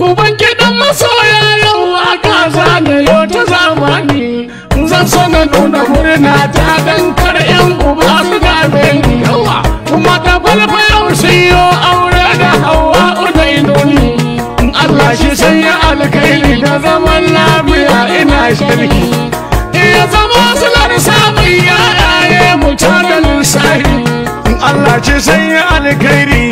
Guban kiɗan masoya yau a kasa da yau ta zamani Zan so na nuna murna ta dan kar yan uba su gabe ni yawa Kuma ta falfa yau yo aure da hawa unai nuni Allah shi ya alkhairi da zaman lafiya ina sharki Ya zama sular samun ya mu ta da lissafi Allah shi ya alkhairi